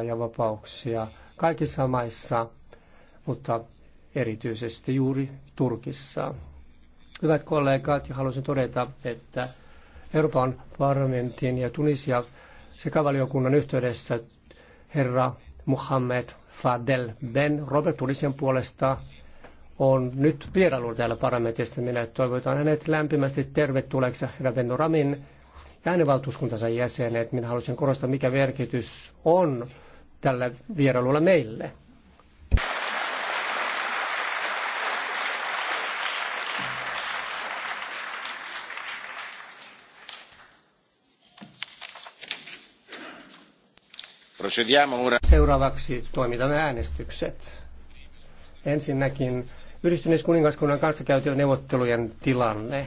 ja vapauksia kaikissa maissa, mutta erityisesti juuri Turkissa. Hyvät kollegat, haluaisin todeta, että Euroopan parlamentin ja Tunisia sekä valiokunnan yhteydessä herra Mohamed Fadel Ben Robert Tunisian puolesta on nyt vierailu täällä parlamentissa. Minä toivotan hänet lämpimästi tervetulleeksi herra Ben Ramin äänivaltuuskuntansa jäsenet. Minä haluaisin korostaa, mikä merkitys on tällä vierailulla meille. Seuraavaksi toimitamme äänestykset. Ensinnäkin yhdistyneiskuningaskunnan kanssa käytyjen neuvottelujen tilanne.